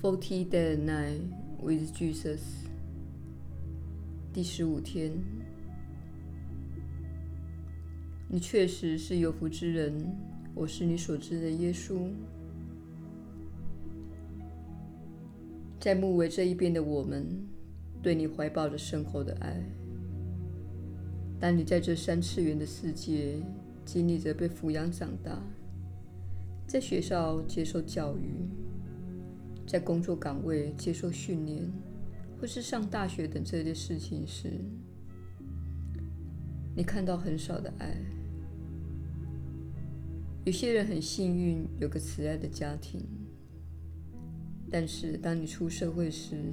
Forty day and night with Jesus。第十五天，你確實是有福之人，我是你所知的耶穌。在帷幕這一邊的我們，對你懷抱着深厚的愛。當你在這三次元的世界經歷着被撫養長大，在學校接受教育。在工作崗位接受訓練，或是上大學等這類事情時，你看到很少的愛。有些人很幸運，有個慈愛的家庭，但是當你出社會時，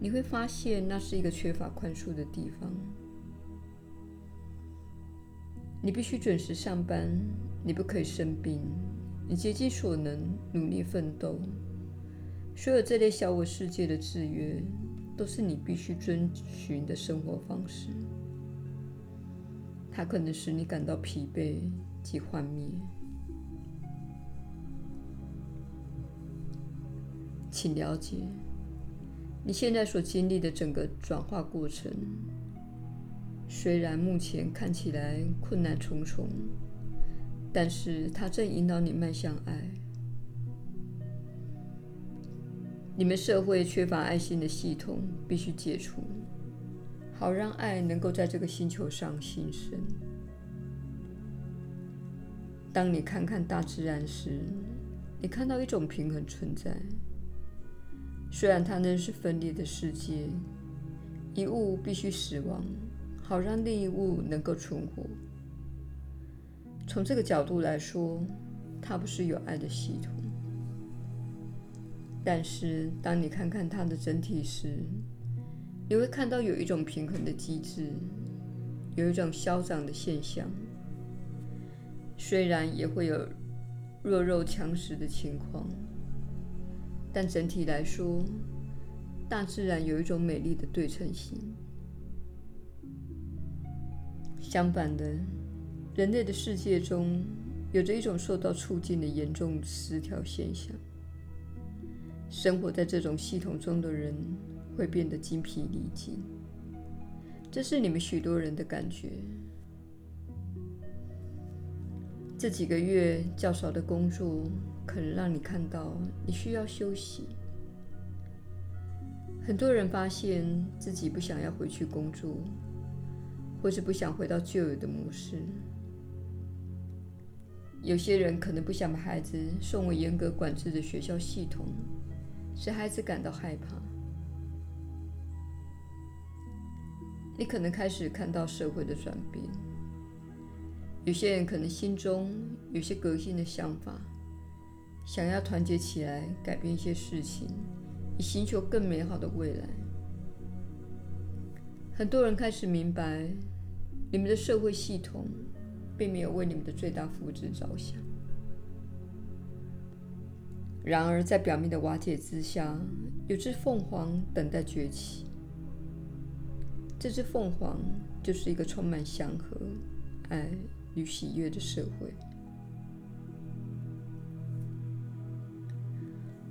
你會發現那是一個缺乏寬恕的地方。你必須準時上班，你不可以生病，你竭盡所能努力奮鬥。所有這類小我世界的制約，都是你必須遵循的生活方式。它可能使你感到疲憊及幻滅。請了解，你現在所經歷的整個轉化過程，雖然目前看起來困難重重，但是它正引導你邁向愛。你們社會缺乏愛心的系統必須解除，好讓愛能夠在這個星球上興盛。當你看看大自然時，你看到一種平衡存在。雖然它仍是分裂的世界，一物必須死亡，好讓另一物能夠存活。從這個角度來說，它不是有愛的系統。但是，當你看看它的整體時，你會看到有一種平衡的機制，有一種消長的現象。雖然也會有弱肉強食的情況，但整體來說，大自然有一種美麗的對稱性。相反的，人類的世界中有着一種受到促進的嚴重失調現象。生活在這種系統中的人會變得精疲力盡，這是你們許多人的感覺。這幾個月較少的工作，可能讓你看到你需要休息。很多人發現自己不想要回去工作，或是不想回到舊有的模式。有些人可能不想把孩子送回嚴格管制的學校系統。使孩子感到害怕。你可能開始看到社會的轉變，有些人可能心中有些革新的想法，想要團結起來改變一些事情，以尋求更美好的未來。很多人開始明白，你們的社會系統並沒有為你們的最大福祉着想。然而，在表面的瓦解之下，有隻鳳凰等待崛起。這只鳳凰就是一個充滿祥和、愛與喜悅的社會。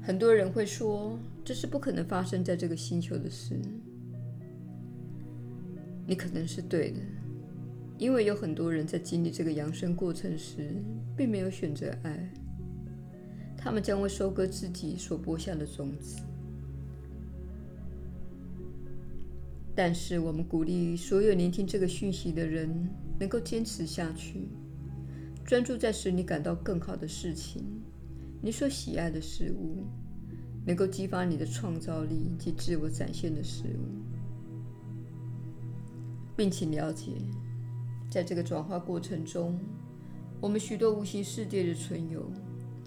很多人會說，這是不可能發生在這個星球的事。你可能是對的，因為有很多人在經歷這個揚升過程時，並沒有選擇愛。他們將會收割自己所播下的種子。但是，我們鼓勵所有聆聽這個訊息的人能夠堅持下去，專注在使你感到更好的事情、你所喜愛的事物、能夠激發你的創造力及自我展現的事物，並且了解，在這個轉化過程中，我們許多無形世界的存有，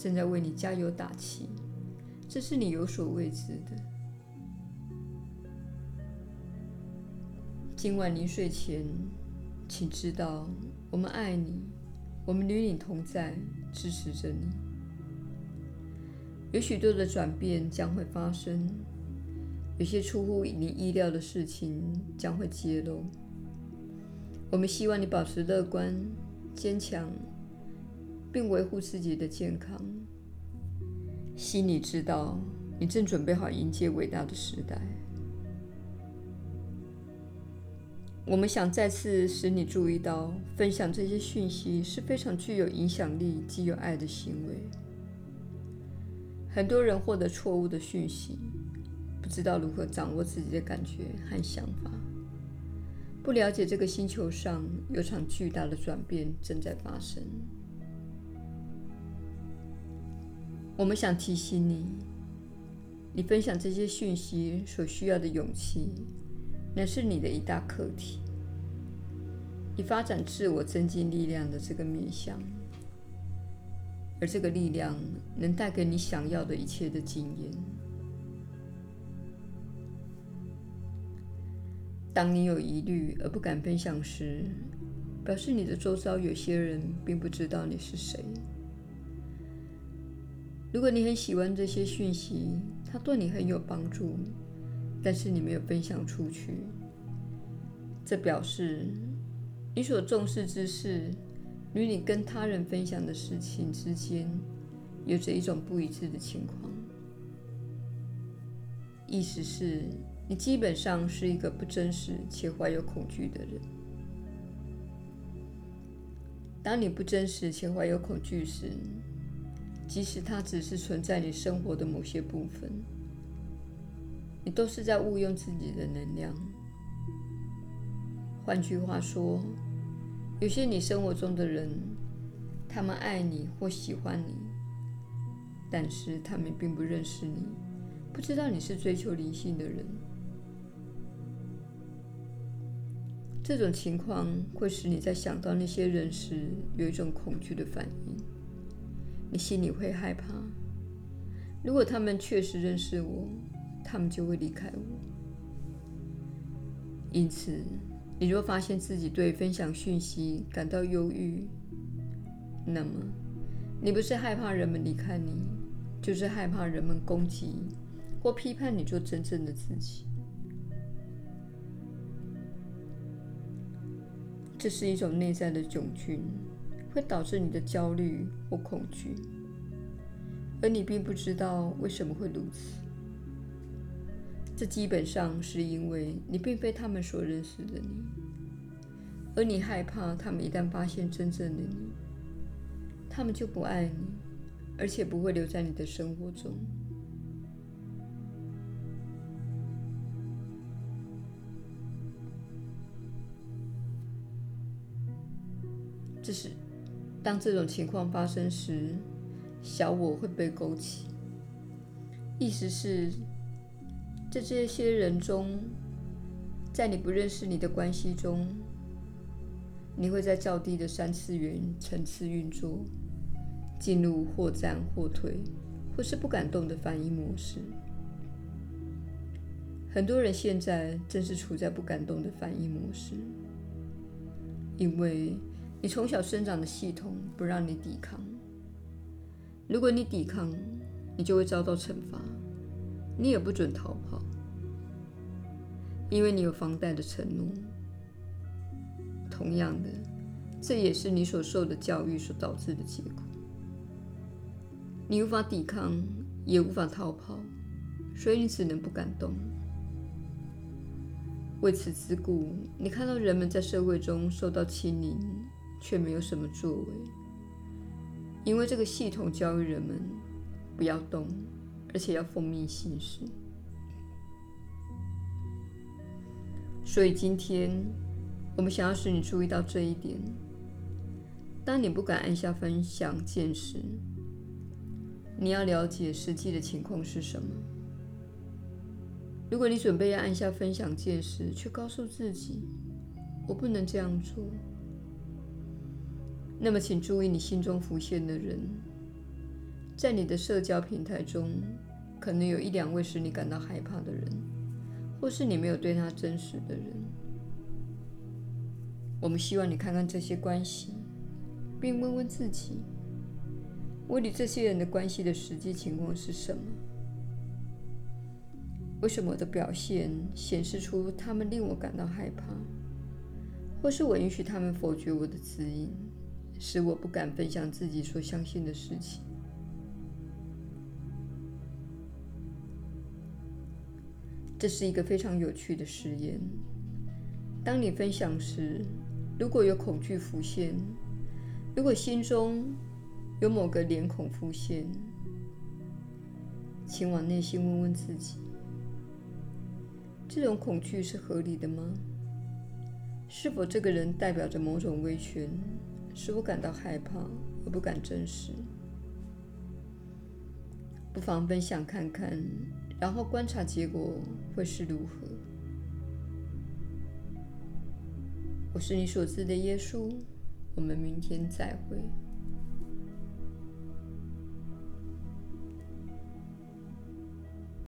正在為你加油打氣，這是你有所未知的。今晚臨睡前，請知道，我們愛你，我們與你同在，支持着你。有許多的轉變將會發生，有些出乎你意料的事情將會揭露。我們希望你保持樂觀、堅強。並維護自己的健康。心裡知道，你正準備好迎接偉大的時代。我們想再次使你注意到，分享這些訊息是非常具有影響力及有愛的行為。很多人獲得錯誤的訊息，不知道如何掌握自己的感覺和想法，不了解這個星球上有場巨大的轉變正在發生。我們想提醒你，你分享這些訊息所需要的勇氣，乃是你的一大課題。你發展自我增進力量的這個面向，而這個力量能帶給你想要的一切的經驗。當你有疑慮而不敢分享時，表示你的周遭有些人並不知道你是誰。如果你很喜歡這些訊息，它對你很有幫助，但是你沒有分享出去。這表示你所重視之事與你跟他人分享的事情之間有着一種不一致的情況。意思是，你基本上是一個不真實且懷有恐懼的人。當你不真實且懷有恐懼時，即使它只是存在你生活的某些部分，你都是在誤用自己的能量。換句話說，有些你生活中的人，他們愛你或喜歡你，但是他們並不認識你，不知道你是追求靈性的人。這種情況會使你在想到那些人時有一種恐懼的反應。你心裡會害怕，如果他們確實認識我，他們就會離開我。因此，你若發現自己對分享訊息感到猶豫，那麼你不是害怕人們離開你，就是害怕人們攻擊或批判你做真正的自己。這是一種內在的窘境。會導致你的焦慮或恐懼，而你並不知道為什麼會如此。這基本上是因為你並非他們所認識的你，而你害怕他們一旦發現真正的你，他們就不愛你，而且不會留在你的生活中。這是。當這種情況發生時，小我會被勾起。意思是，在這些人中，在你不認識你的關係中，你會在較低的三次元層次運作，進入或戰或退，或是不敢動的反應模式。很多人現在正是處在不敢動的反應模式，因為。你從小生長的系統不讓你抵抗，如果你抵抗，你就會遭到懲罰，你也不准逃跑，因為你有房貸的承諾。同樣的，這也是你所受的教育所導致的結果。你無法抵抗，也無法逃跑，所以你只能不敢動。為此之故，你看到人們在社會中受到欺凌。卻沒有什麼作為，因為這個系統教育人們不要動，而且要奉命行事。所以今天，我們想要使你注意到這一點：當你不敢按下分享鍵時，你要了解實際的情況是什麼。如果你準備要按下分享鍵時，卻告訴自己“我不能這樣做”。那麼，請注意你心中浮現的人，在你的社交平台中，可能有一兩位使你感到害怕的人，或是你沒有對他真實的人。我們希望你看看這些關係，並問問自己：我與這些人的關係的實際情況是什麼？為什麼我的表現顯示出他們令我感到害怕？或是我允許他們否決我的指引？使我不敢分享自己所相信的事情。這是一個非常有趣的實驗。當你分享時，如果有恐懼浮現，如果心中有某個臉孔浮現，請往內心問問自己：這種恐懼是合理的嗎？是否這個人代表着某種威權？使我感到害怕，我不敢真實。不妨分享看看，然後觀察結果會是如何。我是你所知的耶穌。我們明天再會。